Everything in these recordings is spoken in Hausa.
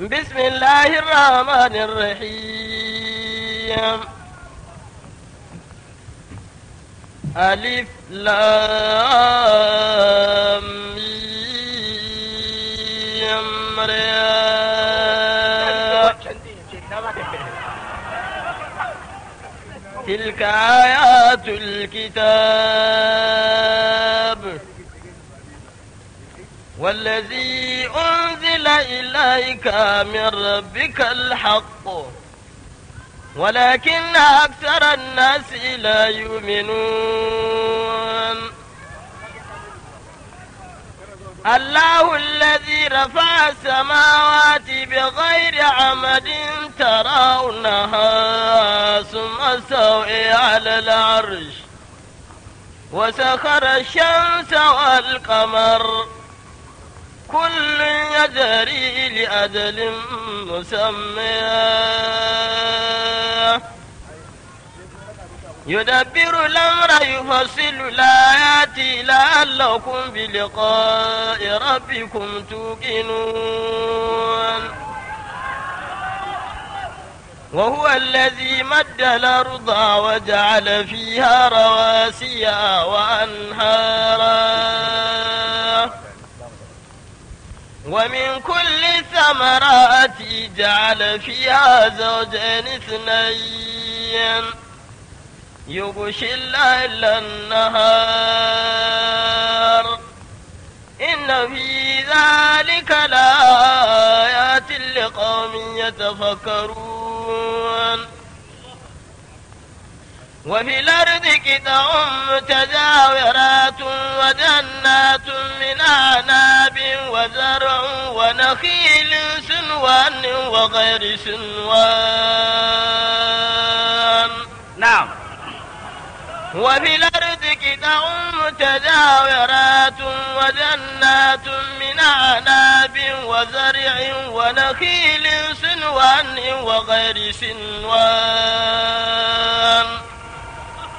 بسم الله الرحمن الرحيم ألف لام تلك آيات الكتاب والذي أنزل إليك من ربك الحق ولكن أكثر الناس لا يؤمنون الله الذي رفع السماوات بغير عمد ترونها ثم استوي على العرش وسخر الشمس والقمر كل يجري لأجل مسمى يدبر الأمر يفصل الآيات لعلكم بلقاء ربكم توقنون وهو الذي مد الأرض وجعل فيها رواسيا وأنهارا ومن كل الثمرات جعل فيها زوجين اثنين يغشي الليل النهار إن في ذلك لآيات لقوم يتفكرون وفي الأرض بذك متزاورات وجنات من عناب وزرع ونخيل سنوان وغير سنوان نعم وفي الأرض قطع متجاورات وجنات من عناب وزرع ونخيل سنوان وغير سنوان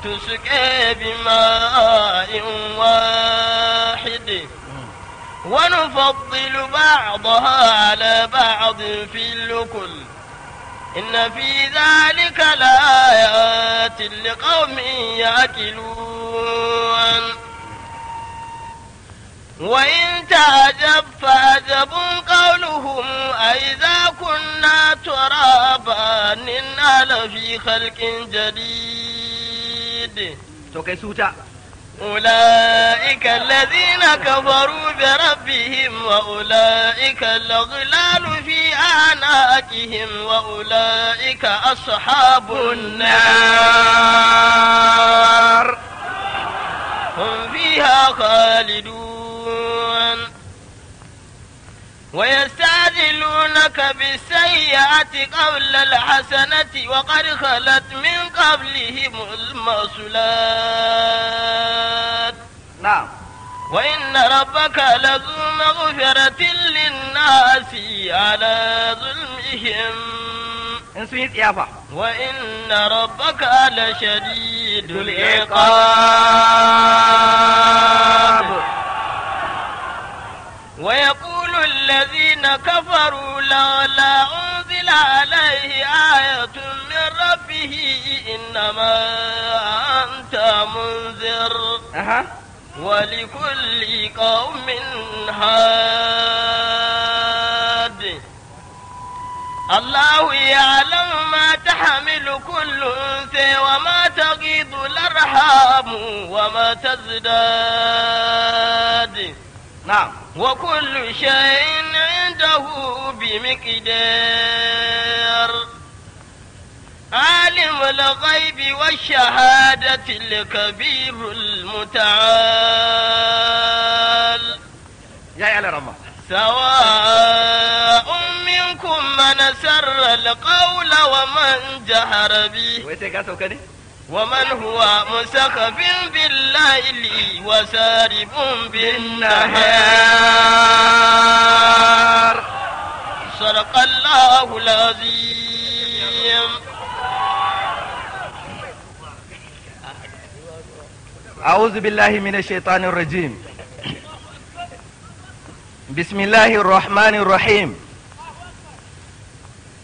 تسقى بماء واحد ونفضل بعضها على بعض في الأكل إن في ذلك لآيات لقوم يأكلون وإن تعجب فعجب قولهم أئذا كنا ترابا إنا لفي خلق جديد أولئك الذين كفروا بربهم وأولئك الأغلال في أعناقهم وأولئك أصحاب النار هم فيها خالدون ويستعجلونك بالسيئة قبل الحسنة وقد خلت من قبلهم المرسلات نعم وإن ربك لذو مغفرة للناس على ظلمهم وإن ربك لشديد العقاب ويقول الذين كفروا لولا أنزل عليه آية من ربه إنما أنت منذر ولكل قوم هاد الله يعلم ما تحمل كل أنثى وما تغيض الأرحام وما تزداد نعم وكل شيء عنده بمقدار عالم الغيب والشهادة الكبير المتعال يا يا رب سواء منكم من سر القول ومن جهر به ومن هو مسخف بالليل وسارب بالنهار صدق الله العظيم أعوذ بالله من الشيطان الرجيم بسم الله الرحمن الرحيم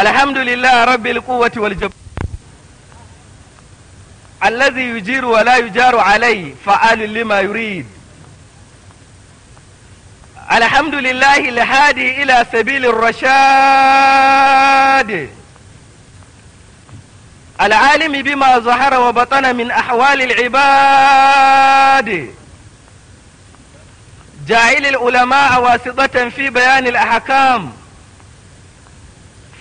الحمد لله رب القوة والجب الذي يجير ولا يجار عليه فعال لما يريد الحمد لله الهادي إلى سبيل الرشاد العالم بما ظهر وبطن من أحوال العباد جاعل العلماء واسطة في بيان الأحكام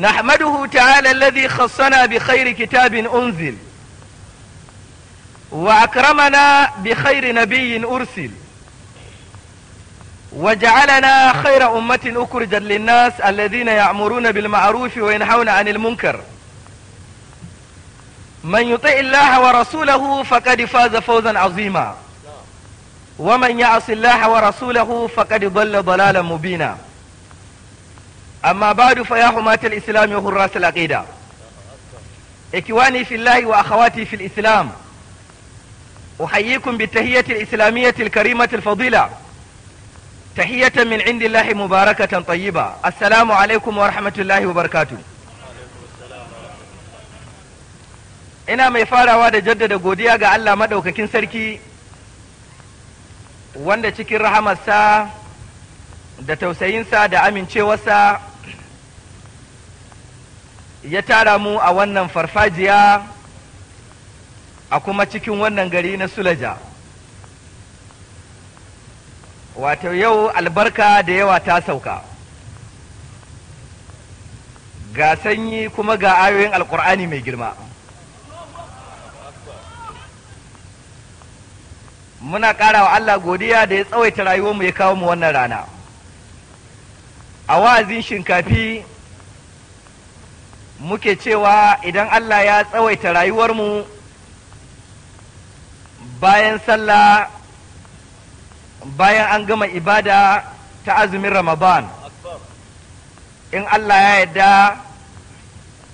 نحمده تعالى الذي خصنا بخير كتاب أنزل وأكرمنا بخير نبي أرسل وجعلنا خير أمة أكرجا للناس الذين يأمرون بالمعروف وينهون عن المنكر من يطع الله ورسوله فقد فاز فوزا عظيما ومن يعص الله ورسوله فقد ضل ضلالا مبينا amma badu fa ya humata al-islam ya hurra salaqida ikiwani fillahi wa akhawati fil islam uhayyikum bi tahiyyati al-islamiyyati al-karimati al-fadila tahiyyatan min indillahi mubarakatan tayyiba assalamu alaykum wa rahmatullahi wa barakatuh ina mai farawa da jaddada godiya ga Allah madaukakin sarki wanda cikin rahamarsa da tausayinsa da amincewarsa ya tara mu a wannan farfajiya a kuma cikin wannan gari na sulaja wato yau albarka da yawa ta sauka ga sanyi kuma ga ayoyin alkur'ani mai girma muna ƙara wa Allah godiya da ya tsawaita rayuwarmu ya kawo mu wannan rana a wa'azin shinkafi muke cewa idan Allah ya tsawaita rayuwarmu bayan sallah bayan an gama ibada ta azumin Ramadan in Allah ya yarda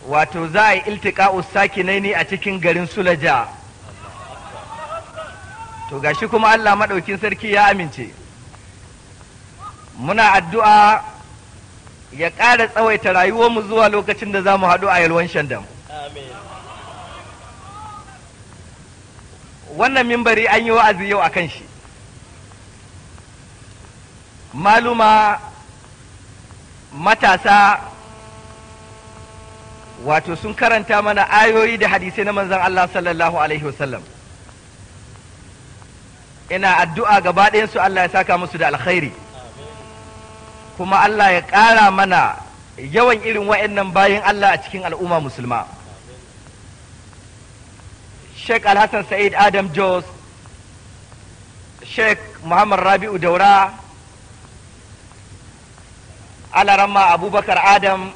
wato za a yi iltiƙa'us sakinaini a cikin garin Sulaja to gashi kuma Allah maɗaukin sarki ya amince muna addu'a ya ƙara tsawaita rayuwarmu zuwa lokacin da za mu haɗu a yalwan shandam. Wannan mimbari an yi wa'azi yau a kan shi. Maluma matasa wato sun karanta mana ayoyi da hadisai na manzan Allah sallallahu Alaihi wasallam. Ina addu'a gaba ɗayansu Allah ya saka musu da alkhairi. kuma Allah ya ƙara mana yawan irin nan bayan Allah a cikin al'umma musulma Sheikh Alhassan Sa'id Adam Jos Sheikh Muhammad Rabi'u Daura Alarama Abubakar Adam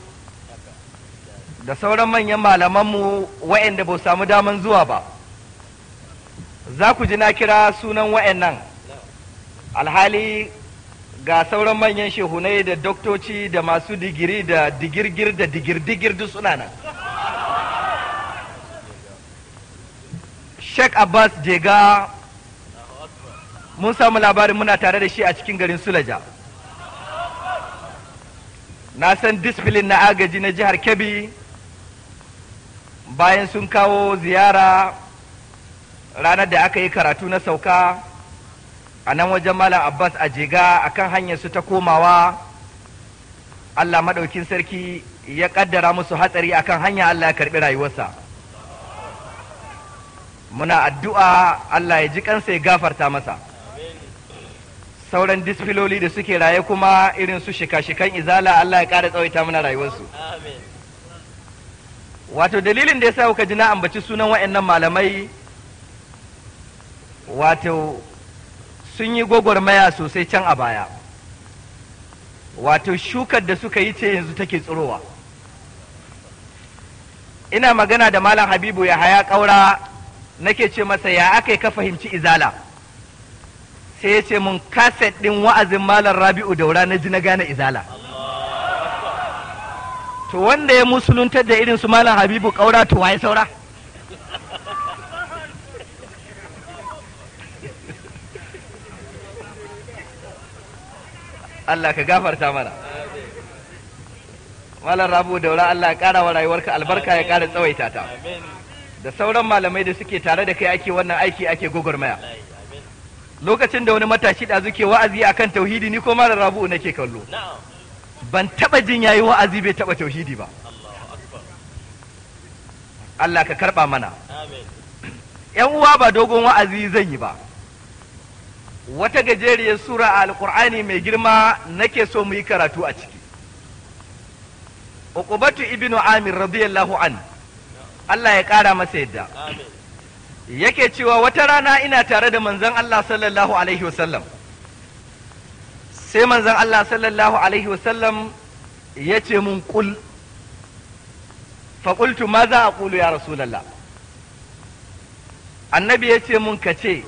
da sauran manyan malamanmu waɗanda ba samu daman zuwa ba za ku ji na kira sunan nan, alhali ga sauran manyan shehunai da doktoci da masu digiri da digirgir da digirdigir duk suna nan Sheikh Abbas Jega mun samu labarin muna tare da shi a cikin garin Sulaja. Na san disiplin na agaji na jihar Kebbi bayan sun kawo ziyara ranar da aka yi karatu na sauka a nan wajen malam abbas a jega akan hanyar su ta komawa allah maɗaukin sarki ya ƙaddara musu hatsari akan hanya allah ya karɓi rayuwarsa muna addu'a allah ya ji kansa ya gafarta masa sauran disfiloli da suke raye kuma irin su shika-shikan izala allah ya ƙara tsawaita mana rayuwarsu wato dalilin da ya sa kuka ji na ambaci sunan waɗannan malamai wato sun yi gwagwarmaya sosai can a baya wato shukar da suka yi ce yanzu take tsirowa ina magana da malam habibu ya haya ƙaura nake ce masa ya aka ka fahimci izala sai ya ce mun kaset ɗin wa'azin malam rabi'u daura na ji na gane izala to wanda ya musuluntar da irin su malam habibu ƙaura to waye saura Allah ka gafarta mana Malam Rabu Daura Allah ya ƙara wa rayuwarka albarka ya ƙara tsawaita ta da sauran malamai da suke tare da kai ake wannan aiki ake gugurmaya. lokacin da wani matashi da zuke wa'azi a kan tauhidi ni ko Malam Rabu nake kallo ban taba jin yayi wa'azi bai taba tauhidi ba Allah ka karba mana yan uwa ba dogon wa'azi zan yi ba wata gajeriyar sura a alkur'ani mai girma nake so mu yi karatu a ciki uqubatu ibnu amir radiyallahu an Allah ya ƙara masa yadda yake cewa wata rana ina tare da manzon Allah sallallahu alaihi wasallam sai manzon Allah sallallahu alaihi wasallam ya ce mun kul faƙultu ma za a ƙulu ya rasulallah annabi ya ce mun ka ce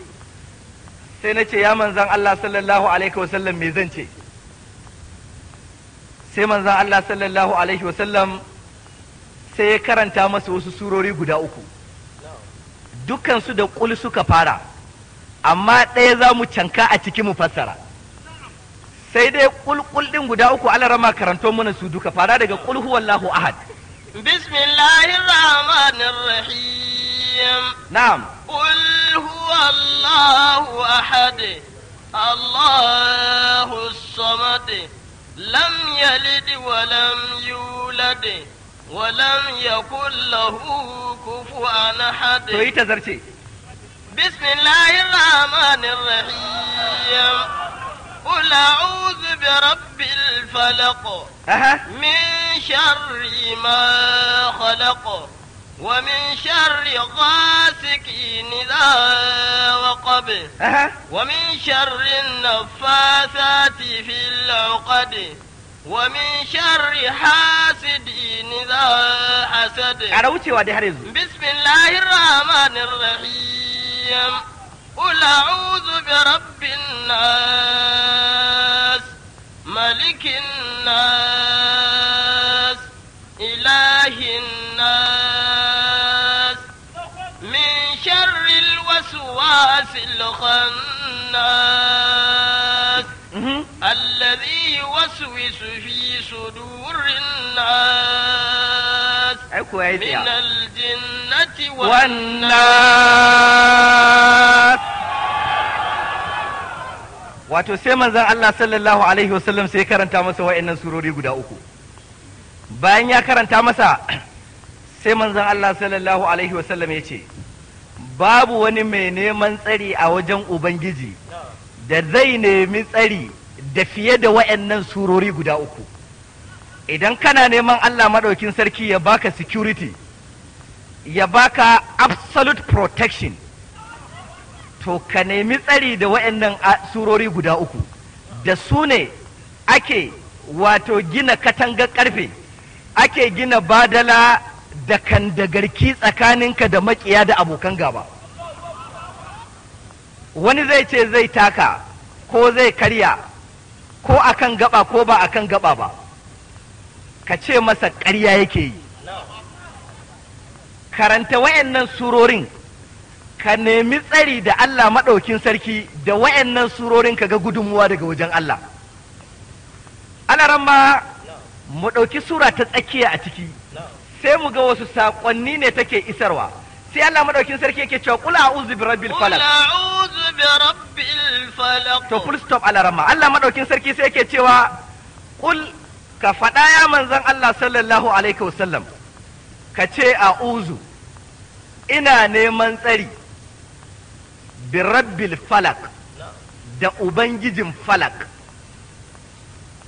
sai na ce ya manzan Allah sallallahu alaihi wasallam me zan ce sai manzan Allah sallallahu alaihi wasallam sai ya karanta masa wasu surori guda uku dukansu da ƙul suka fara amma ɗaya za mu canka a ciki mu fassara sai dai ƙulƙul ɗin guda uku alarama karanto mana su duka fara daga ƙul huwallahu ahad bismillahir na'am قل هو الله أحد الله الصمد لم يلد ولم يولد ولم يكن له كفوا أحد بسم الله الرحمن الرحيم قل أعوذ برب الفلق من شر ما خلق ومن شر غاسك إذا وقب ومن شر النفاثات في العقد ومن شر حاسد إذا حسد وادي بسم الله الرحمن الرحيم قل أعوذ برب الناس ملك الناس إله الناس الوقاص الخناس الذي يوسوس في صدور الناس من الجنة والناس wato sai manzon Allah sallallahu alaihi wasallam sai karanta masa wa'annan surori guda uku bayan ya karanta masa sai manzon Allah sallallahu alaihi wasallam ya ce babu wani mai neman tsari a wajen ubangiji da zai nemi tsari da fiye da wa'annan surori guda uku idan kana neman Allah maɗaukin sarki ya baka security ya baka absolute protection to ka nemi tsari da wa'annan surori guda uku da su ne ake wato gina katangar karfe ake gina badala da kan kandagarki tsakaninka da makiya da abokan gaba wani zai ce zai taka ko zai karya ko akan gaba ko ba kan gaba ba ka ce masa karya yake yi karanta wayannan surorin ka nemi tsari da Allah maɗaukin sarki da wayannan surorin ka ga gudunmuwa daga wajen Allah alaran ma mu ɗauki sura ta tsakiya a ciki sai mu ga wasu saƙonni ne take isarwa sai Allah madaukin sarki yake cewa qul a'udhu bi rabbil falaq bi rabbil to full stop ala Allah madaukin sarki sai yake cewa qul ka faɗa ya manzon Allah sallallahu alaihi wasallam ka ce a'udhu ina neman tsari bi rabbil falaq da ubangijin falak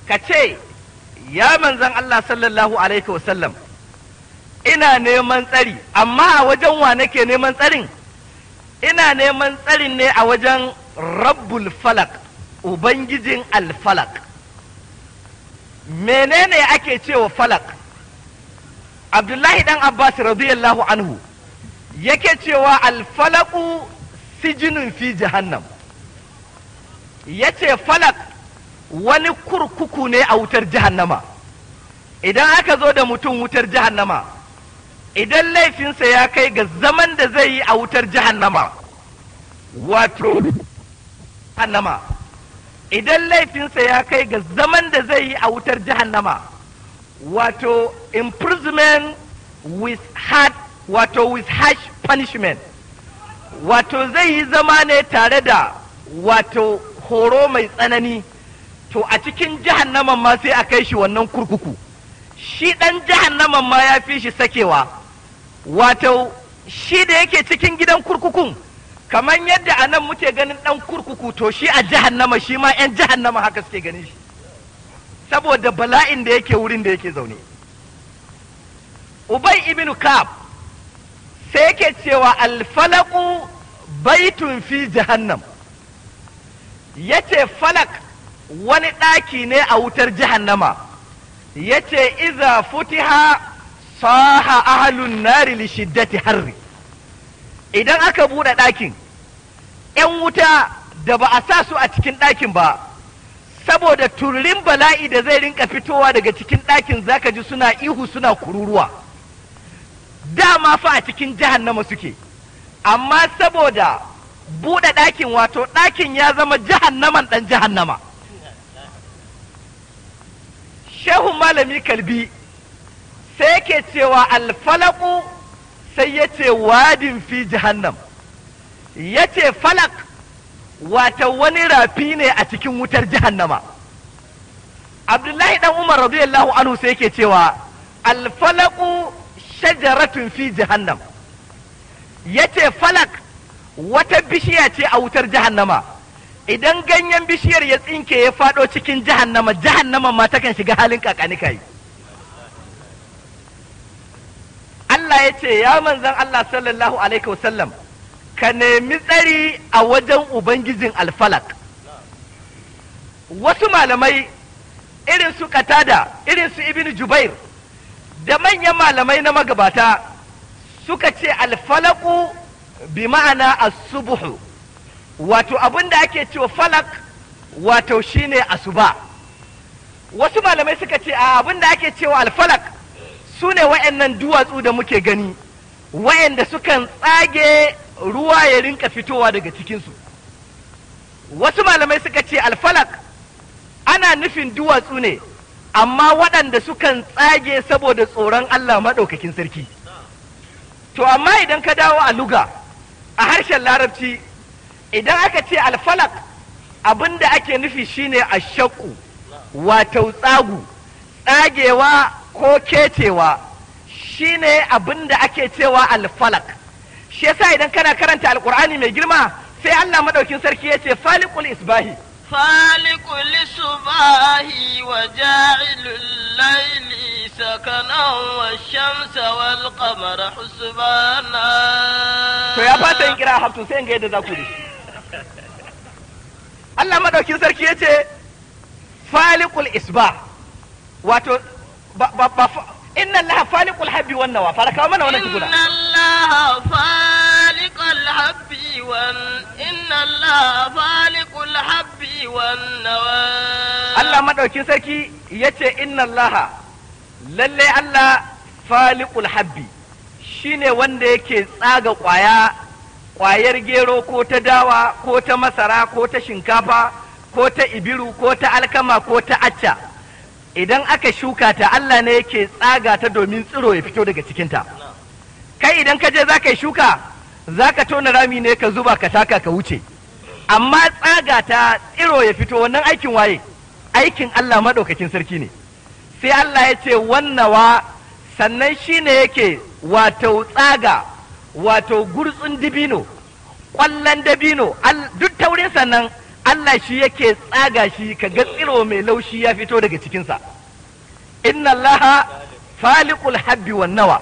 ka ce ya manzan Allah sallallahu alaihi wasallam ina neman tsari amma a wajen wa nake neman tsarin ina neman tsarin ne a wajen rabbul falak ubangijin alfalak menene ake cewa falak abdullahi dan abbas radiyallahu anhu yake cewa alfalaku sijinin fi jahannam ya ce falak wani kurkuku ne a wutar jahannama idan aka zo da mutum wutar jahannama idan laifinsa ya kai ga zaman da zai yi a wutar jahannama wato jahannama idan laifinsa ya kai ga zaman da zai yi a wutar jahannama wato imprisonment with hard wato with harsh punishment wato zai yi zama ne tare da wato horo mai tsanani to a cikin jahannaman ma sai a kai shi wannan kurkuku shi ɗan jahannaman ma ya fi shi sakewa wato shi da yake cikin gidan kurkukun kamar yadda a nan muke ganin ɗan kurkuku to shi a jahannama shi ma 'yan jahannama haka suke gani shi saboda bala'in da yake wurin da yake zaune ubai ibn kab sai yake cewa alfalaku baitun fi jahannam ya ce falak wani ɗaki ne a wutar jahannama ya ce iza futiha saha ahalun nari li shiddati harri idan aka buɗe ɗakin ‘yan wuta da ba a sa su a cikin ɗakin ba saboda tururin bala'i da zai rinka fitowa daga cikin ɗakin zaka ji suna ihu suna kururuwa dama fa a cikin jahannama suke amma saboda buɗe ɗakin wato ɗakin ya zama jahannaman ɗan jahannama shehun malami kalbi sai yake cewa alfalaku sai ya ce wadin fi jahannam ya ce falak wata wani rafi ne a cikin wutar jahannama abdullahi dan umar radiyallahu anhu sai yake cewa alfalaku shajaratun fi jahannam ya ce falak wata bishiya ce a wutar jahannama idan ganyen bishiyar ya tsinke ya faɗo cikin jahannama jahannama ma takan shiga halin kakanikai kai Allah ya ce ya manzan Allah sallallahu alaihi wasallam ka nemi tsari a wajen ubangijin alfalak wasu malamai irin su katada irin su ibn jubair da manyan malamai na magabata suka ce alfalaku bi ma'ana asubuhu wato abin da ake cewa falak wato shine asuba wasu malamai suka ce a abin da ake cewa alfalak su ne wa'annan duwatsu da muke gani wa'anda sukan tsage ruwa ya rinka fitowa daga cikinsu wasu malamai suka ce alfalak ana nufin duwatsu ne amma waɗanda sukan tsage saboda tsoron Allah maɗaukakin sarki to amma idan ka dawo a luga a harshen larabci idan aka ce alfalak abin da ake nufi shine shakku wato tsagu tsagewa ko kecewa ne abin da ake cewa alfalak shi yasa idan kana karanta alkur'ani mai girma sai Allah maɗaukin sarki ya ce falikul isbahi falikul isbahi wa ja'ilul layli sakanan wa shamsa wal qamara husbana to ya fata yin kira haftu sai in ga yadda za ku dashi Allah maɗaukin sarki ya ce falikul isbah wato ba ba inna allaha faliqul habbi wan nawa fara kawo mana wannan tukuna inna allah faliqul habbi wan inna allaha faliqul habbi wan nawa Allah madaukin sarki ya ce inna allah lalle Allah faliqul habbi ne wanda yake tsaga kwaya kwayar gero ko ta dawa ko ta masara ko ta shinkafa ko ta ibiru ko ta alkama ko ta acca idan aka shuka ta Allah ne yake tsaga ta domin tsiro ya fito daga cikinta kai idan ka je za ka yi shuka za ka tona rami ne ka zuba ka taka ka wuce amma tsaga ta tsiro ya fito wannan aikin waye aikin Allah maɗaukakin sarki ne sai Allah ya ce wannawa sannan shi ne yake wato tsaga wato gurtsun dibino ƙwallon dabino duk taurin sannan Allah shi yake tsaga shi ka ga tsiro mai laushi ya fito daga cikinsa inna Allah faliqul habbi wan nawa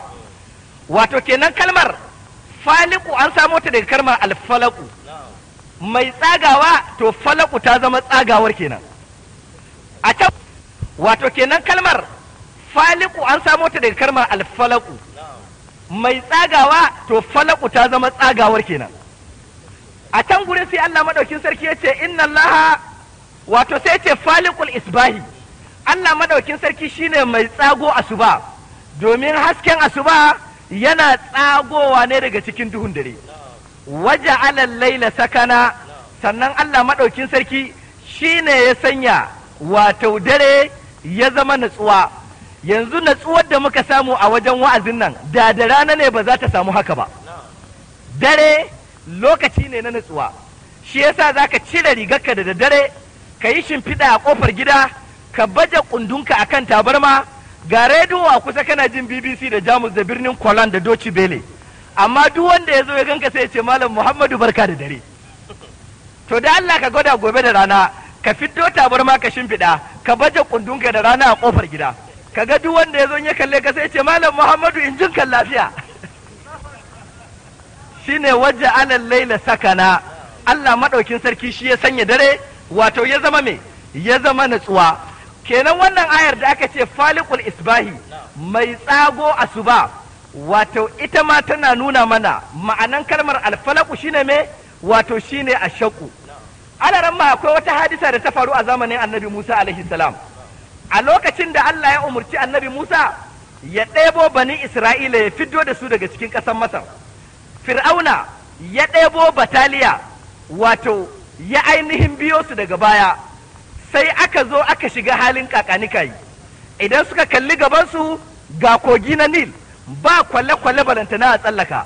wato kenan kalmar faliqu an samo ta daga kalmar alfalaku mai tsagawa to falaku ta zama tsagawar kenan a can wato kenan kalmar faliku an samo ta daga kalmar alfalaku mai tsagawa to falaku ta zama tsagawar kenan a can gurin sai Allah madaukin sarki ya ce inna Allah wato sai ce falikul isbahi Allah madaukin sarki shine mai tsago asuba domin hasken asuba yana tsagowa ne daga cikin duhun dare waje alal laila sakana sannan Allah madaukin sarki shine ya sanya wato dare ya zama natsuwa yanzu natsuwar da muka samu a wajen wa'azin nan da da rana ne ba za ta samu haka ba dare lokaci ne na nutsuwa shi yasa zaka cire rigarka da daddare ka yi shimfiɗa a ƙofar gida ka baje kundunka kan tabarma ga rediyo a kusa kana jin bbc da jamus da birnin kolan da doci bele amma duk wanda ya zo ya ganka sai ya ce malam muhammadu barka da dare to da allah ka gwada gobe da rana ka fiddo tabarma ka shimfiɗa ka baje kundunka da rana a ƙofar gida kaga duk wanda ya zo ya kalle ka sai ya ce malam muhammadu in jin kan lafiya Shi ne waje alal laila sakana Allah maɗaukin sarki shi ya sanya dare wato ya zama me ya zama natsuwa kenan wannan ayar da aka ce falikul isbahi mai tsago asuba wato ita ma tana nuna mana ma'anan kalmar alfalaku shine me wato shine ashaku alaran ma akwai wata hadisa da ta faru a zamanin annabi Musa alaihi salam a lokacin da Allah ya umurci annabi Musa ya ɗebo bani Isra'ila ya fiddo da su daga cikin ƙasar Masar fir'auna ya ɗebo bataliya wato ya ainihin biyo su daga baya sai aka zo aka shiga halin kakanikai idan suka kalli gabansu ga kogi na nil ba kwale-kwale balantana a tsallaka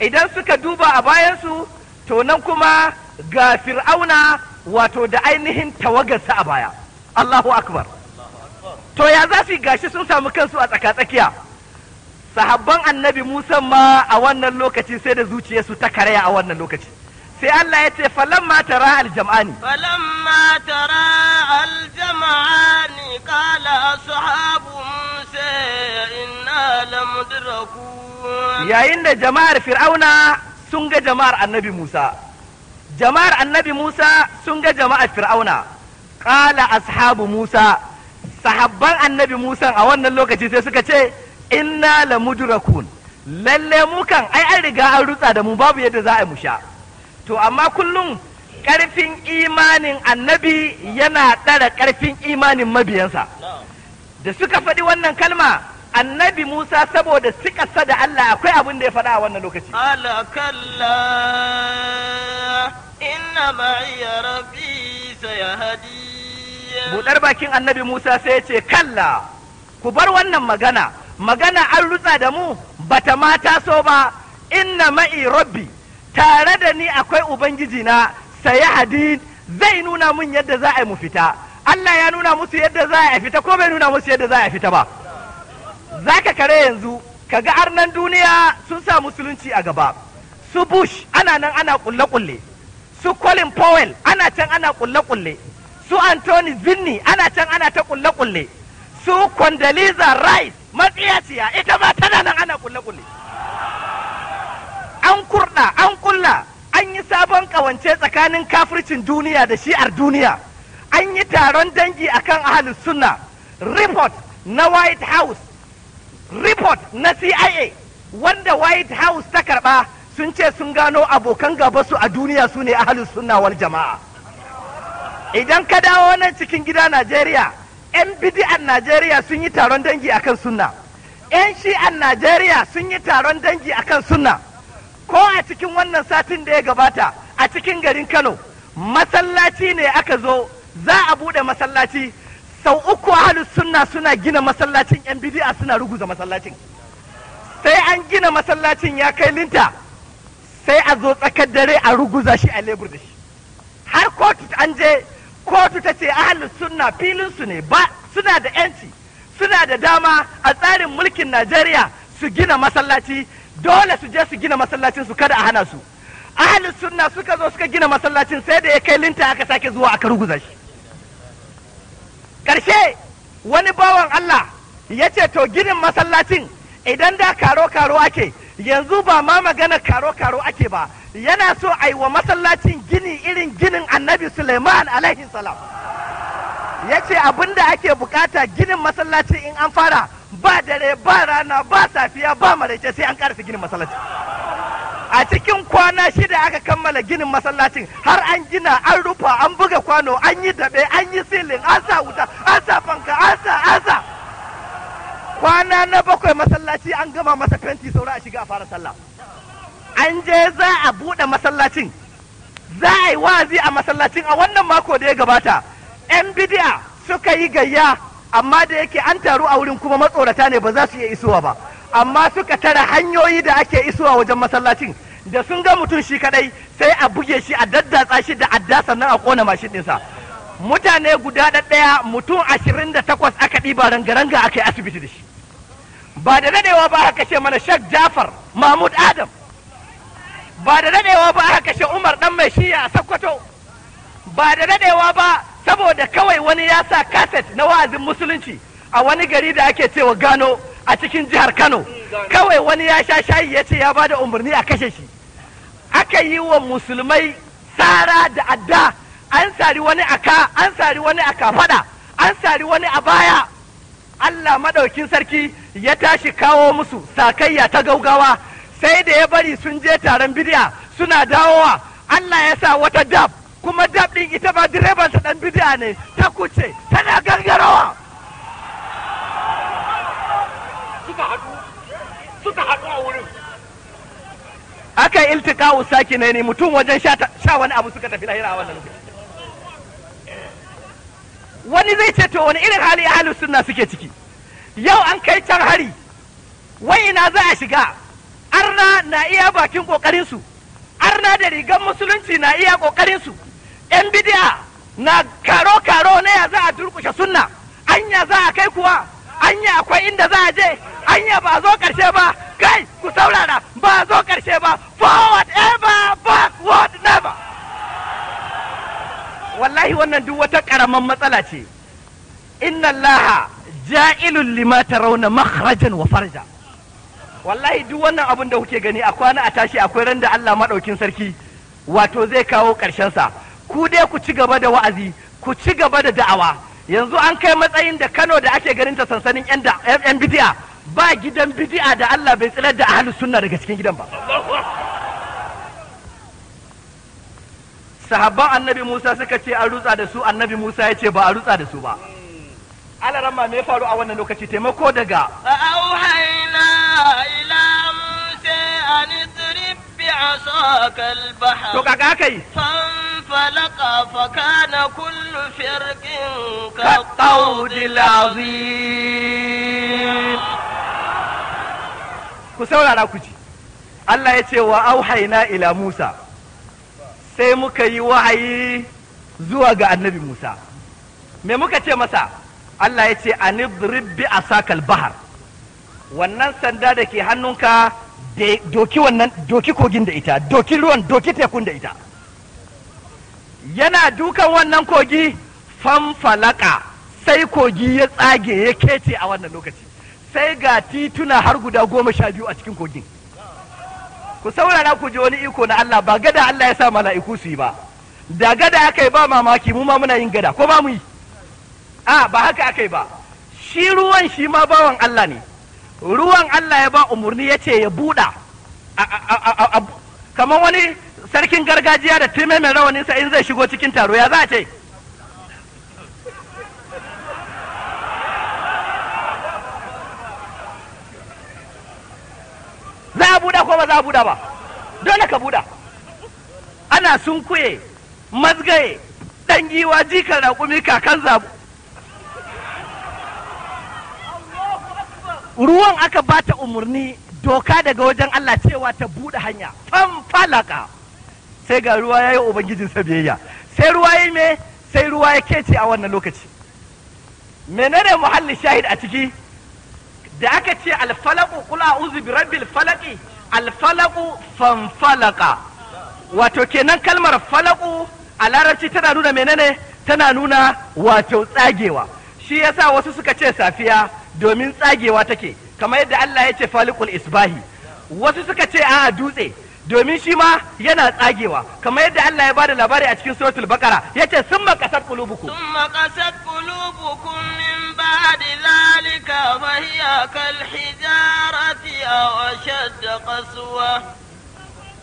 idan suka duba a bayansu to nan kuma ga fir'auna wato da ainihin tawagarsa a baya allahu akbar to ya za su gashi sun samu kansu a tsaka-tsakiya sahabban annabi Musa ma a wannan lokaci sai da zuciyarsu ta karaya a wannan lokaci sai Allah ya ce falamma tara aljam'ani falamma tara aljam'ani qala ashabu Musa inna lamudrakun yayin da jama'ar fir'auna sun ga jama'ar annabi Musa jama'ar annabi Musa sun ga jama'ar fir'auna qala ashabu Musa sahabban annabi Musa a wannan lokaci sai suka ce inna la mudrakun lalle mu kan ai an riga an rutsa da mu babu yadda za a mu sha to amma kullum karfin imanin annabi yana ɗara karfin imanin mabiyansa da suka faɗi wannan kalma annabi Musa saboda suka da Allah akwai abin da ya faɗa a wannan lokaci. Ala kalla inna rabbi bakin annabi Musa sai ya ce kalla ku bar wannan magana magana an rutsa da mu bata ma so ba inna ma'i rabbi tare da ni akwai ubangiji na sayi hadin zai nuna mun yadda za a yi mu fita Allah ya nuna musu yadda za a fita ko bai nuna musu yadda za a fita ba za ka kare yanzu ka ga arnan duniya sun sa musulunci a gaba su bush ana nan ana kulle-kulle su colin powell ana can ana kulle-kulle su anthony zinni ana can ana ta kulle-kulle su Condoleezza Rice matsiyaciya ita ma tana nan ana kulle-kulle. An kurɗa, an kulla, an yi sabon ƙawance tsakanin kafircin duniya da shi'ar duniya. An yi taron dangi akan ahalin suna Report na White House, report na CIA wanda White House ta karɓa sun ce sun gano abokan gaba su a duniya su ne ahalin sunna wal jama'a. Idan ka dawo nan cikin gida Najeriya. 'yan bidi'an najeriya sun yi taron dangi akan sunna 'yan shi'an najeriya sun yi taron dangi akan sunna ko a cikin wannan satin da ya gabata a cikin garin kano masallaci ne aka zo za a buɗe masallaci sau uku ahalu sunna suna gina masallacin 'yan bidi'a suna ruguza masallacin sai an gina masallacin ya kai linta sai a zo tsakar dare a ruguza shi a lebur da shi har kotu an je kotu ta ce ahalin sunna filin su ne ba suna da yanci suna da dama a tsarin mulkin najeriya su gina masallaci dole su je su gina masallacin su kada a hana su ahalin sunna suka zo suka gina masallacin sai da ya kai linta aka sake zuwa aka ruguza shi ƙarshe wani bawan allah ya ce to ginin masallacin idan da karo karo ake yanzu ba ma magana karo karo ake ba yana so a yi wa masallacin gini irin ginin annabi suleiman alaihi salam ya ce abinda ake bukata ginin masallaci in an fara ba dare ba rana ba safiya ba maraice sai an karfi ginin masallaci a cikin kwana shida aka kammala ginin masallacin har an gina an rufa an buga kwano an yi daɓe an yi silin an sa wuta an sa fanka an sa an sa kwana na bakwai masallaci an gama masa fenti saura a shiga a fara sallah an je za a buɗe masallacin za a yi wazi a masallacin a wannan mako da ya gabata 'yan bidiya suka yi gayya amma da yake an taru a wurin kuma matsorata ne ba za su iya isuwa ba amma suka tara hanyoyi da ake isuwa wajen masallacin da sun ga mutum shi kadai sai a buge shi a daddatsa shi da adda sannan a kona mashin dinsa mutane guda ɗaya mutum ashirin da takwas aka ɗiba ranga-ranga aka yi asibiti da shi ba da daɗewa ba aka ce mana shak jafar mahmud adam ba da dadewa ba aka kashe umar dan mai shiya a sakkwato ba da dadewa ba saboda kawai wani ya sa kaset na wa'azin musulunci a wani gari da ake cewa gano a cikin jihar kano kawai wani ya sha shayi ya ce ya bada umarni a kashe shi aka yi wa musulmai tsara da adda an sari wani a ka an sari wani a kafada an sari wani a baya allah maɗaukin sarki ya tashi kawo musu sakayya ta gaugawa sai da ya bari sun je taron bidiya suna dawowa Allah ya sa wata dab kuma dab din ita ba direban sa dan bidiya ne ta kuce tana gangarawa suka hadu suka hadu a wurin aka iltika saki ne ne mutum wajen sha wani abu suka tafi lahira a wannan wani zai ce to wani irin hali ahlus sunna suke ciki yau an kai can hari wai ina za a shiga arna na iya bakin ƙoƙarinsu arna da rigar musulunci na iya ƙoƙarinsu 'yan bidiya na karo-karo na ya za a durkushe sunna anya za a kai kuwa anya akwai inda za a je anya ba zo karshe ba kai ku saurara ba zo karshe ba forward ever backward never wallahi wannan duk wata karaman matsala ce inna allaha ja'ilun lima rauna makhrajan wa farja wallahi duk wannan abin da kuke gani a kwana a tashi akwai ran da Allah maɗaukin sarki wato zai kawo sa ku dai ku ci gaba da wa'azi ku ci gaba da da'awa yanzu an kai matsayin da Kano da ake ganin ta sansanin yan bidi'a ba gidan bidi'a da Allah bai tsirar da ahlus sunna daga cikin gidan ba sahabban annabi Musa suka ce an rutsa da su annabi Musa ya ce ba a rutsa da su ba alarama me faru a wannan lokaci taimako daga auhaina أن اضرب بعصاك البحر فانفلق فكان كل فرق كالطود العظيم ku saurara ku ji Allah ya ce wa auhaina ila Musa sai muka yi wahayi zuwa ga annabi Musa me muka ce masa Allah ya ce anidrib bi asakal bahar wannan sanda da ke hannunka da doki wannan doki kogin da ita doki ruwan doki tekun da ita yana dukan wannan kogi famfalaka sai kogi ya tsage ya kece a wannan lokaci sai ga tituna har guda goma sha biyu a cikin kogin ku saurara ku ji wani iko na Allah ba gada Allah ya sa mala'iku su yi ba da gada aka yi ba mamaki mu ma muna yin gada ko ba mu yi a ba haka aka yi ba shi ruwan shi ma bawan Allah ne ruwan Allah ya ba umarni ya ce ya buɗa kamar wani sarkin gargajiya da tume mai rawanin sa in zai shigo cikin taro ya za ce za a buɗa ko ba za a buɗa ba dole ka buɗa ana sunkuye mazgaye ɗan giwa jikan raƙumi kakan zabu ruwan aka bata umarni doka daga wajen Allah cewa ta buɗe hanya fan falaka sai ga ruwa ya yi ubangijinsa biyayya sai ruwa ya me sai ruwa ya kece a wannan lokaci menene muhalli shahid a ciki da aka ce alfalaku kula uzu bi rabbil falaki alfalaku falaka wato kenan kalmar falaku a larabci tana nuna menene tana nuna wato tsagewa shi yasa wasu suka ce safiya domin tsagewa take kamar yadda Allah ya ce falikul isbahi wasu suka ce a dutse domin shi ma yana tsagewa kamar yadda Allah ya bada labari a cikin suratul baqara yace summa qasat qulubukum summa qasat qulubukum min ba'di zalika fa hiya kal hijarati aw ashad qaswa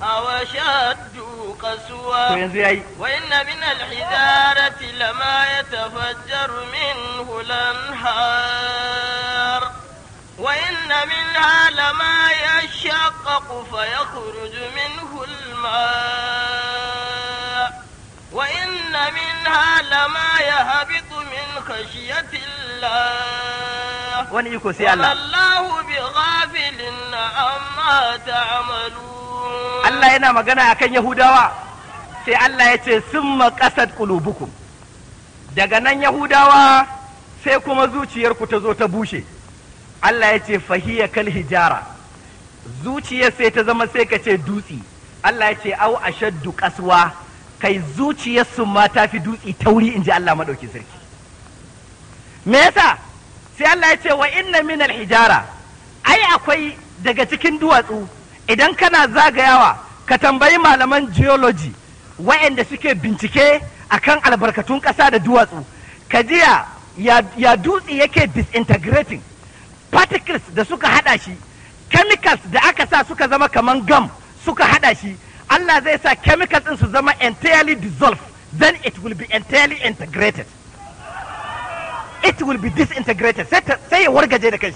aw ashad qaswa to yanzu yayi wa inna min al hijarati lama yatafajjaru minhu lanhar Wan ina mun halama ya shaƙa ƙufa ya ƙunju mun kulma wan ina mun halama ya haɓɓi mun kashi ya tilla wani iko sai yana magana akan Yahudawa sai Allah ya ce summa ƙasar kulobokum, daga nan Yahudawa sai kuma zuciyarku ta zo ta bushe. Allah ya ce fahiya kal hijara zuciyar sai ta zama sai ka ce dutsi Allah ya ce au ashaddu kasuwa kai zuciyar su ma ta fi dutsi tauri inji Allah madauki sarki me yasa sai Allah ya ce wa inna min al hijara ai akwai daga cikin duwatsu idan kana zagayawa ka tambayi malaman geology wa'anda suke bincike akan albarkatun ƙasa da duwatsu ka jiya ya dutse yake disintegrating particles da suka hada shi chemicals da aka sa suka zama kaman gum suka hada shi Allah zai sa chemicals din su zama entirely dissolved then it will be entirely integrated it will be disintegrated sai ya wargaje da kai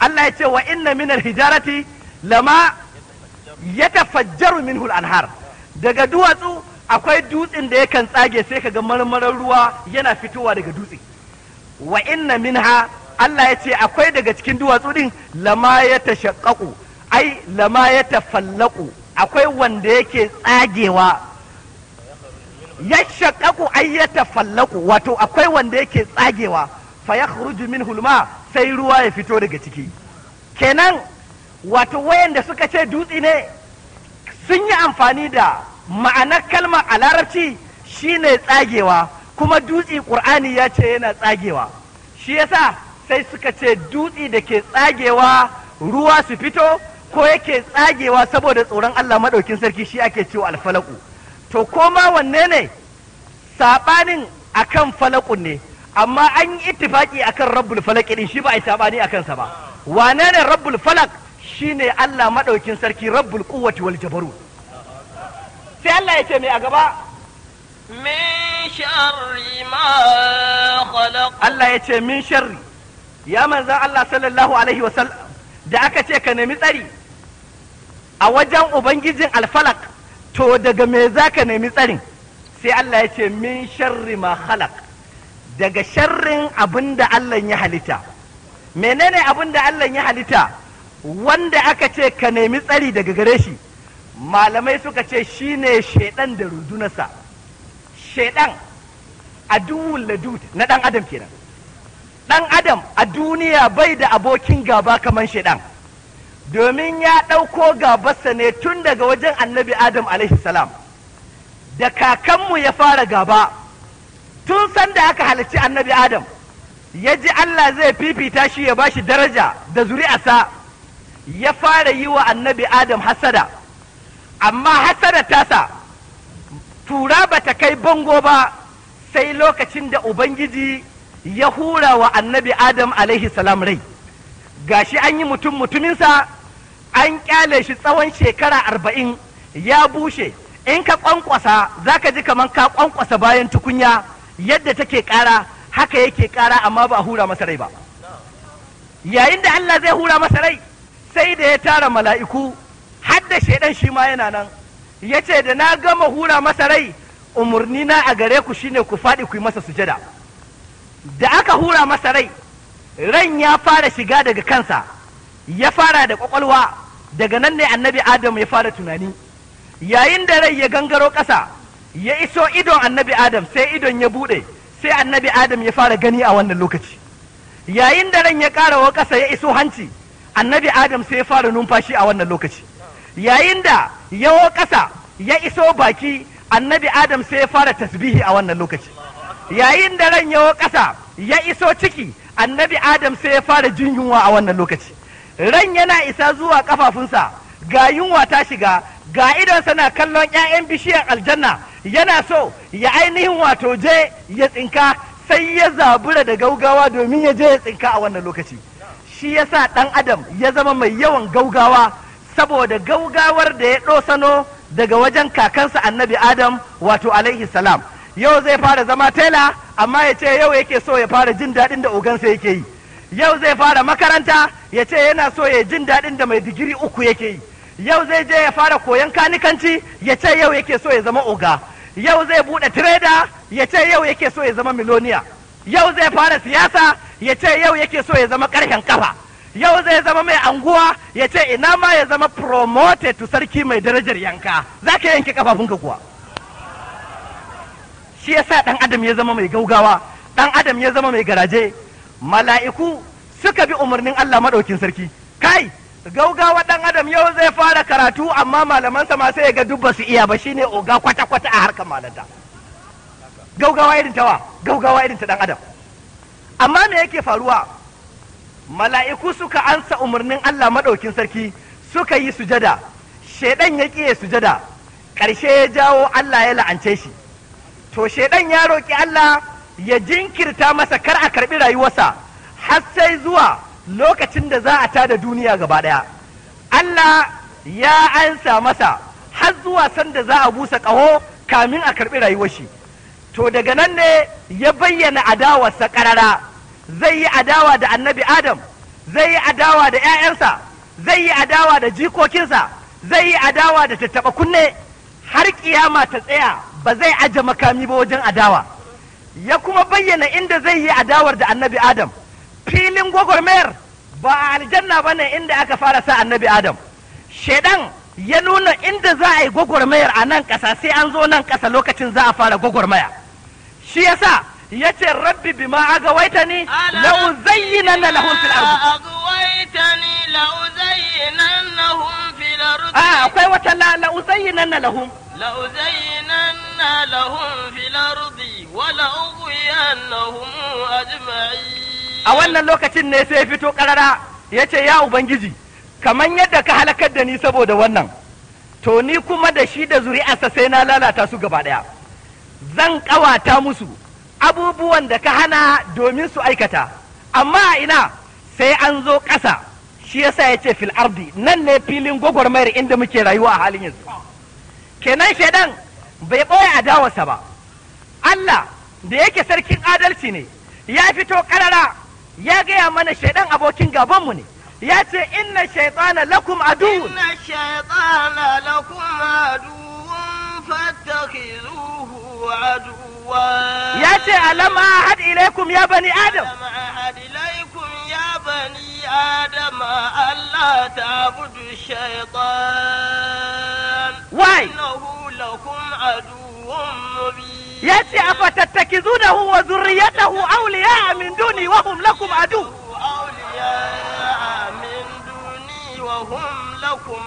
Allah ya ce wa inna min hijarati lama yatafajjaru minhu al-anhar daga duwatsu akwai dutsen da yakan tsage sai kaga marmarar ruwa yana fitowa daga dutse wa inna minha Allah ya ce akwai daga cikin duwatsu din lama ya shaƙaƙu ai lama ya fallaƙu akwai wanda yake tsagewa ya shaƙaƙu ai ya fallaƙu wato akwai wanda yake tsagewa fa ya hulma sai ruwa ya fito daga ciki kenan wato wayanda suka ce dutse ne sun yi amfani da ma'anar kalmar a larabci shine tsagewa kuma dutse ƙur'ani ya ce yana tsagewa shi yasa sai suka ce dutse da ke tsagewa ruwa su fito ko yake tsagewa saboda tsoron Allah maɗaukin sarki shi ake cewa alfalaku to ko ma wanne ne saɓanin akan falakun ne amma an yi ittifaki akan rabbul falaki din shi ba a sabani akan sa ba wane ne rabbul falak shine Allah maɗaukin sarki rabbul quwwati wal jabaru sai Allah ya ce mai a gaba min sharri ma khalaq Allah ya ce min sharri ya manzan Allah sallallahu alaihi wasallam da aka ce ka nemi tsari a wajen ubangijin alfalak to daga me za ka nemi tsarin sai Allah ya ce min sharri ma halak daga sharrin abin da Allah ya halitta menene abin da Allah ya halitta wanda aka ce ka nemi tsari daga gare shi malamai suka ce shine shaidan da rudunarsa shaidan a aduwul ladud na dan adam kenan ɗan adam a duniya bai da abokin gaba kamar shaidan domin ya ɗauko gabarsa ne tun daga wajen annabi adam alaihi salam da kakanmu ya fara gaba tun sanda aka halarci annabi adam ya ji allah zai fifita shi ya bashi daraja da zuri'asa, ya fara yi wa annabi adam hasada amma hasada tasa tura ba ta kai bango ba sai lokacin da ubangiji ya hura wa annabi adam alaihi salam rai gashi an yi mutum mutuminsa an kyale shi tsawon shekara arba'in ya bushe in ka kwankwasa za ka ji kamar ka kwankwasa bayan tukunya yadda take ƙara haka yake ƙara amma ba hura masa rai ba yayin da Allah zai hura masa rai sai da ya tara mala'iku hadda shaidan shi ma yana nan ya ce da na gama hura masa rai umarni na a gare ku shine ku faɗi ku yi masa sujada. da aka hura masa rai ran ya fara shiga daga kansa ya fara da kwakwalwa daga nan ne annabi adam ya fara tunani yayin da rai ya gangaro ƙasa ya iso idon annabi adam sai idon ya buɗe sai annabi adam ya fara gani a wannan lokaci yayin da ran ya ƙara wa ƙasa ya iso hanci annabi adam sai ya fara numfashi a wannan lokaci yayin da yawo ƙasa ya iso baki annabi adam sai ya fara tasbihi a wannan lokaci yayin da ran ya ƙasa ya iso ciki annabi adam sai ya fara jin yunwa a wannan lokaci ran yana isa zuwa kafafunsa ga yunwa ta shiga ga idonsa na kallon 'ya'yan bishiyar aljanna yana so ya ainihin wato je ya tsinka sai ya zabura da gaugawa domin ya je ya tsinka a wannan lokaci shi yasa ɗan adam ya zama mai yawan gaugawa saboda gaugawar da ya ɗosano daga wajen kakansa annabi adam wato alaihi salam yau zai fara zama tela amma ya ce yau yake so ya fara jin daɗin da ogansa yake yi yau zai fara makaranta ya ce yana so ya jin daɗin da mai digiri uku yake yi yau zai je ya fara koyon kanikanci ya ce yau yake so ya zama oga yau zai buɗe tireda ya ce yau yake so ya zama miloniya yau zai fara siyasa ya ce yau yake so ya zama ƙarshen kafa yau zai zama mai anguwa ya ce ina ma ya zama promoted to sarki mai darajar yanka za ka yanke kafafunka kuwa shi yasa ɗan adam ya zama mai gaugawa ɗan adam ya zama mai garaje mala'iku suka bi umarnin Allah maɗaukin sarki kai gaugawa ɗan adam yau zai fara karatu amma malamansa ma sai ya ga dubba su iya ba shine oga kwata-kwata a harkar malanta gaugawa irin tawa gaugawa irin ta ɗan adam amma me yake faruwa mala'iku suka ansa umarnin Allah maɗaukin sarki suka yi sujada shaidan ya ƙi sujada ƙarshe ya jawo Allah ya la'ance shi to shaidan ya roƙi Allah ya jinkirta masa kar a karɓi rayuwarsa har sai zuwa lokacin da za a tada duniya gaba ɗaya Allah ya ansa masa har zuwa sanda za a busa ƙaho kamin a karɓi rayuwar shi to daga nan ne ya bayyana adawarsa ƙarara zai yi adawa da annabi adam zai yi adawa da 'ya'yansa zai yi adawa da jikokinsa zai yi adawa da tattaɓa kunne har ƙiyama ta tsaya ba zai aje makami ba wajen adawa ya kuma bayyana inda zai yi adawar da annabi adam filin gwagwarmayar ba a aljanna ba ne inda aka fara sa annabi adam shaidan ya nuna inda za a yi gwagwarmayar a nan ƙasa sai an zo nan ƙasa lokacin za a fara gwagwarmaya shi yasa ya ce rabbi bima waita ni la'uzayyina na lahun fil ardi ah, akwai wata la'uzayyina na lahun لأزينن لهم a wannan lokacin ne sai fito karara ya ce ya ubangiji kamar yadda ka halakar da ni saboda wannan to ni kuma da shi da zuri'arsa sai na lalata su gaba ɗaya zan ƙawata musu abubuwan da ka hana domin su aikata amma a ina sai an zo ƙasa shi yasa ya ce fil ardi nan ne filin gwagwarmayar inda muke rayuwa a halin yanzu kenan shaidan bai ɓoye a adawarsa ba Allah da yake sarkin adalci ne ya fito ƙarara ya gaya mana shaidan abokin gabanmu ne ya ce inna shaitana lakum aduwwun inna shaitana lakum aduwwun fattakhizuhu aduwwa ya ce alam ahad ilaikum ya bani adam alam ahad ya bani adam Allah shaitan why ya ce a fatattaki zunahu wa zurriyatahu auliya min duni wa hum lakum adu وهم لكم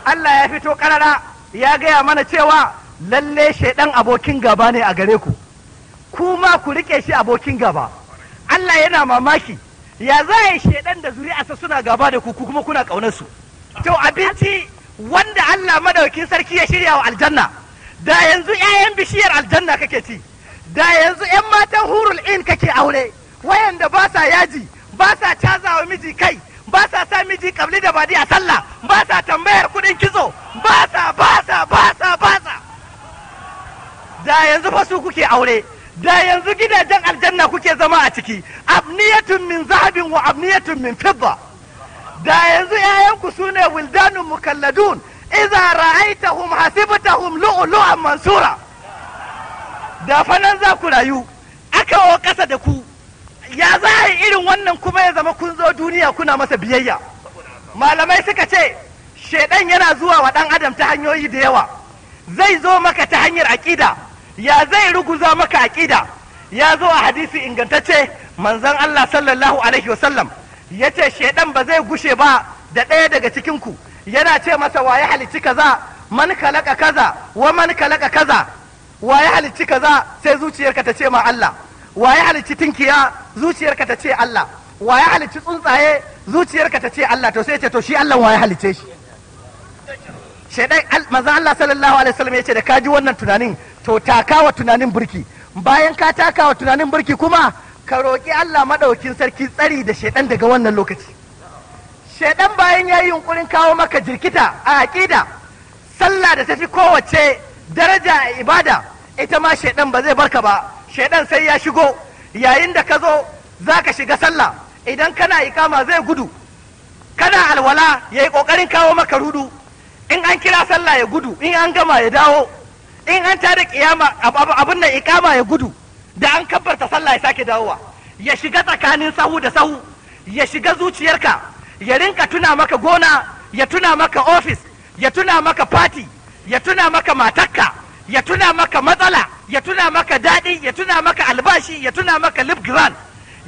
Allah ya fito karara ya gaya mana cewa lalle shaidan abokin gaba ne a gare ku kuma ku rike shi abokin gaba Allah yana mamaki ya za a yi shaidan da zuri'arsa suna gaba da ku kuma kuna ƙaunar su to abinci wanda Allah madaukin sarki ya shirya wa aljanna da yanzu 'ya'yan bishiyar aljanna kake ci da yanzu 'yan matan hurul in kake aure wayanda ba sa yaji ba sa wa miji kai ba sa sa miji kabli da badi a sallah ba sa tambayar kudin kitso ba sa ba sa ba sa ba sa da yanzu fa su kuke aure da yanzu gidajen aljanna kuke zama a ciki abniyatun min zahabin wa abniyatun min fidda da yanzu 'ya'yanku su ne wildanun mukalladun iza ra'aitahum hasibtahum lu'lu'an mansura da fanan za ku rayu aka wa ƙasa da ku ya za a yi irin wannan kuma ya zama kun zo duniya kuna masa biyayya malamai suka ce shaidan yana zuwa wa ɗan adam ta hanyoyi da yawa zai zo maka ta hanyar aƙida ya zai ruguza maka aƙida ya zo a hadisi ingantacce manzon Allah sallallahu alaihi wasallam ya ce shaidan ba zai gushe ba da ɗaya daga cikinku yana ce masa waye halicci kaza man kalaka kaza wa man kalaka kaza waye halicci kaza sai zuciyarka ta ce ma Allah waye halicci tinkiya zuciyarka ta ce Allah waye halicci tsuntsaye zuciyarka ta ce Allah to sai ce to shi Allah waye halicce shi shaidan maza Allah sallallahu alaihi wasallam yace da kaji wannan tunanin to takawa tunanin burki bayan ka takawa tunanin burki kuma ka roƙi Allah madaukin sarki tsari da shaidan daga wannan lokaci shaidan bayan yayi yunkurin kawo maka jirkita a aƙida sallah da tafi kowace daraja a ibada ita ma shaidan ba zai barka ba shaidan sai ya shigo yayin da ka zo za ka shiga sallah idan kana ikama zai gudu kana alwala ya yi ƙoƙarin kawo maka rudu in an kira sallah ya gudu in an gama ya dawo in an tare kiyama abin nan ikama ya gudu da an kabbarta sallah ya sake dawowa ya shiga tsakanin sahu da sahu ya shiga zuciyarka ya rinka tuna maka gona ya tuna maka ofis ya tuna maka fati ya tuna maka matakka ya tuna maka matsala ya tuna maka daɗi ya tuna maka albashi ya tuna maka lip grand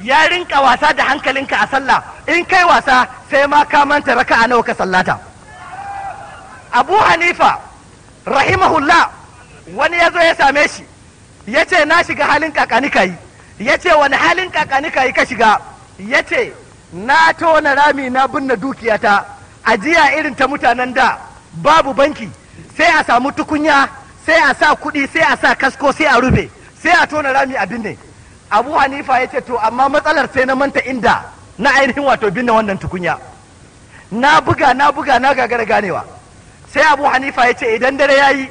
ya rinka wasa da hankalinka a sallah in kai wasa sai ma ka manta raka'a nawa ka sallata abu hanifa rahimahullah wani ya zo ya same shi ya ce na shiga halin kakanika yi ya ce wani halin kakanika yi ka shiga ya ce na tona rami na binne dukiyata ajiya irin ta mutanen da babu banki sai a samu tukunya sai a sa kuɗi sai a sa kasko sai a rube sai a tona rami a binne abu hanifa ya ce to amma matsalar sai na manta inda na ainihin wato binne wannan tukunya na buga na buga na gagara ganewa sai abu hanifa ya ce idan dare ya yi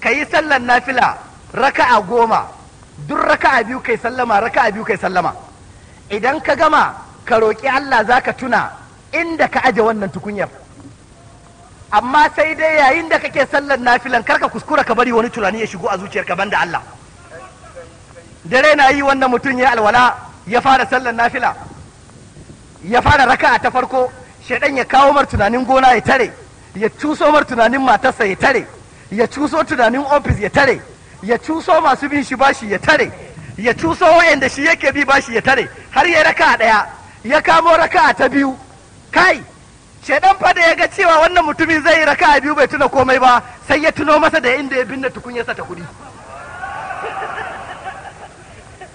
ka yi sallar nafila raka'a goma duk raka'a biyu kai sallama raka'a biyu kai sallama idan ka gama ka roƙi allah za ka tuna inda ka aje wannan tukunyar amma sai dai yayin da kake sallar nafilan karka kuskura ka bari wani tunani ya shigo a zuciyar ka banda allah dare na yi wannan mutum ya alwala ya fara sallar nafila ya fara raka'a ta farko shaidan ya kawo mar tunanin gona ya tare ya cuso mar tunanin matarsa ya tare ya cuso tunanin ofis ya tare ya cuso masu bin shi bashi ya tare ya cuso wayanda shi yake bi bashi ya tare har ya raka daya ya kamo raka ta biyu kai shedan fa da ya ga cewa wannan mutumin zai yi raka biyu bai tuna komai ba sai ya tuno masa da inda ya binne tukunyarsa ta kudi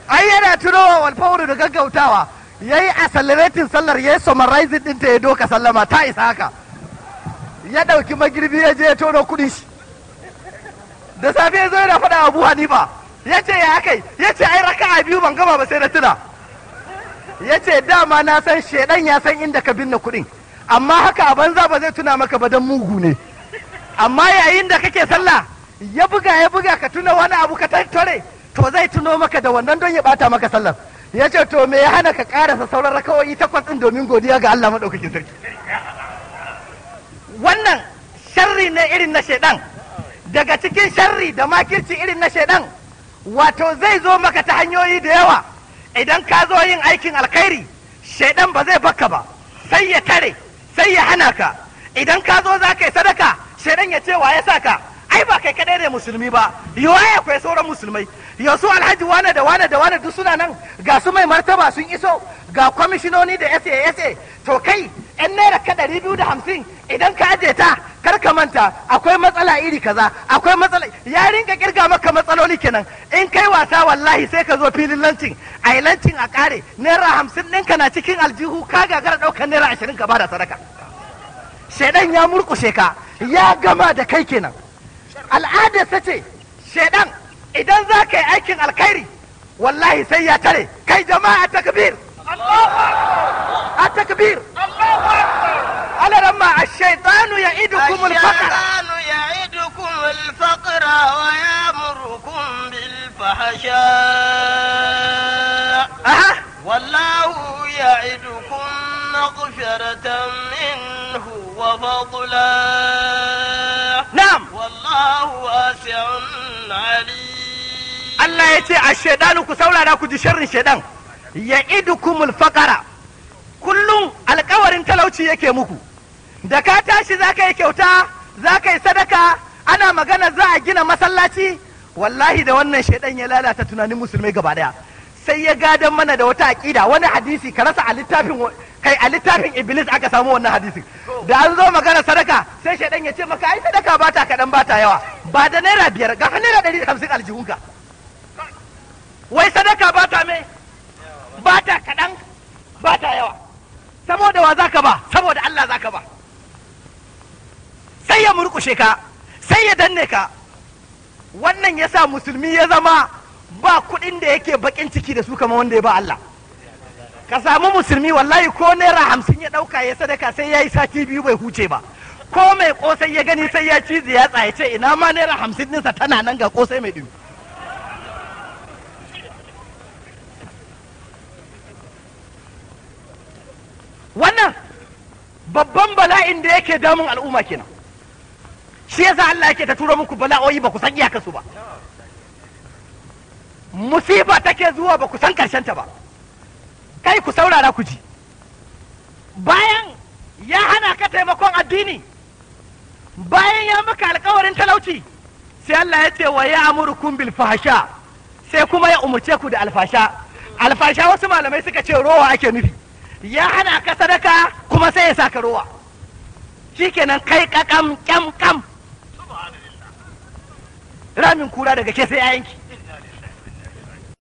ai yana wa walfawar da gaggautawa yayi accelerating sallar yayi summarizing ɗinta ya doka sallama ta isa haka ya ɗauki magirbi ya je ya tono kuɗin shi da safe ya zo yana faɗa abu hanifa ya ce ya kai ya ce ai raka a biyu ban gama ba sai na tuna ya ce dama na san shaidan ya san inda ka binne kuɗin amma haka a banza ba zai tuna maka ba don mugu ne amma yayin da kake sallah ya buga ya buga ka tuna wani abu ka tattare to zai tuno maka da wannan don ya bata maka sallar ya ce to me ya hana ka karasa sauran raka'o'i takwas ɗin domin godiya ga Allah maɗaukakin sarki wannan sharri ne irin na shaidan daga cikin sharri da makirci irin na shaidan wato zai zo maka ta hanyoyi da yawa idan ka zo yin aikin alkhairi shaidan ba zai baka ba sai ya tare sai ya hana ka idan ka zo za ka yi sadaka shaidan ya ce wa ya sa ka ai ba kai kadai ne musulmi ba yiwa ya kwai sauran musulmai yanzu alhaji wane da wane da wane duk suna nan ga su mai martaba sun iso ga kwamishinoni da S.A.S.A to kai yan naira ka ɗari biyu da hamsin idan ka aje ta kar ka manta akwai matsala iri kaza akwai matsala ya rinka kirga maka matsaloli kenan in kai wasa wallahi sai ka zo filin lancin a yi lancin a kare naira hamsin ɗinka na cikin aljihu ka gagara ɗaukar naira ashirin ka bada sadaka shaidan ya murƙushe ka ya gama da kai kenan al'ada ta ce shaidan idan za ka yi aikin alkhairi wallahi sai ya tare kai jama'a takbir الله أكبر التكبير الله أكبر على لما الشيطان يعدكم الفقر الشيطان يعدكم الفقر ويأمركم بالفحشاء أه. والله يعدكم مغفرة منه وفضلا نعم والله واسع عليم الله يتي الشيطان كسولا لا كنت شر الشيطان ya idukumul faƙara kullum alkawarin talauci yake muku da ka tashi za ka yi kyauta za ka yi sadaka ana magana za a gina masallaci wallahi da wannan shaidan ya lalata tunanin musulmai gaba daya sai ya gadan mana da wata aƙida wani hadisi ka rasa a littafin kai a littafin iblis aka samu wannan hadisi da an zo magana sadaka sai shaidan ya ce maka ai sadaka ba ta kaɗan ba ta yawa ba da naira biyar ga naira ɗari da hamsin aljihunka wai sadaka ba ta mai ba ta yawa saboda wa zaka ba saboda Allah zaka ba sai ya murkushe ka sai ya danne ka wannan ya sa musulmi ya zama ba kuɗin da yake baƙin ciki da su kama wanda ya ba Allah ka samu musulmi wallahi ko naira hamsin ya ɗauka ya sadaka sai ya yi sati biyu bai huce ba ko mai kosai ya gani sai ya cizi ya tsaye ce ina ma naira hamsin ɗinsa tana nan ga kosai mai ɗiyu wannan babban bala'in da yake damun al'umma kenan shi yasa Allah yake ta tura muku bala'o'i ba ku san iyakansu ba musiba take zuwa ba ku san ta ba kai ku saurara ku ji bayan ya hana ka taimakon addini bayan ya maka alkawarin talauci sai Allah ya ce wa ya amurkum bil fahsha sai kuma ya umurce ku da alfasha alfasha wasu malamai suka ce rowa ake nufi ya hana ka sadaka kuma sai ya saka ka shi shikenan kai kakam kyam kam ramin kura daga ke sai yanki.